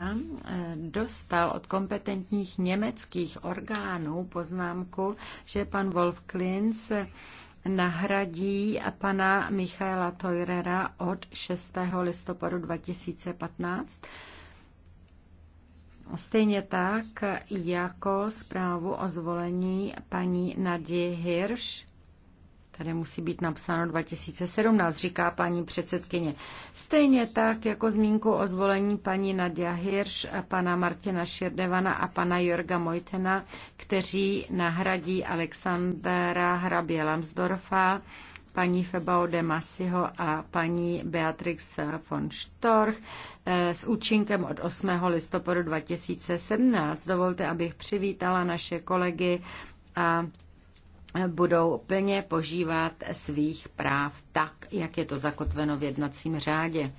Eh, dostal od kompetentních německých orgánů poznámku, že pan Wolf Klins nahradí pana Michaela Teurera od 6. listopadu 2015. Stejně tak jako zprávu o zvolení paní Nadie Hirsch Tady musí být napsáno 2017, říká paní předsedkyně. Stejně tak jako zmínku o zvolení paní Nadia Hirš, pana Martina Širdevana a pana Jorga Mojtena, kteří nahradí Alexandra Hrabě Lamsdorfa, paní Febao de Masiho a paní Beatrix von Storch eh, s účinkem od 8. listopadu 2017. Dovolte, abych přivítala naše kolegy a budou plně požívat svých práv tak, jak je to zakotveno v jednacím řádě.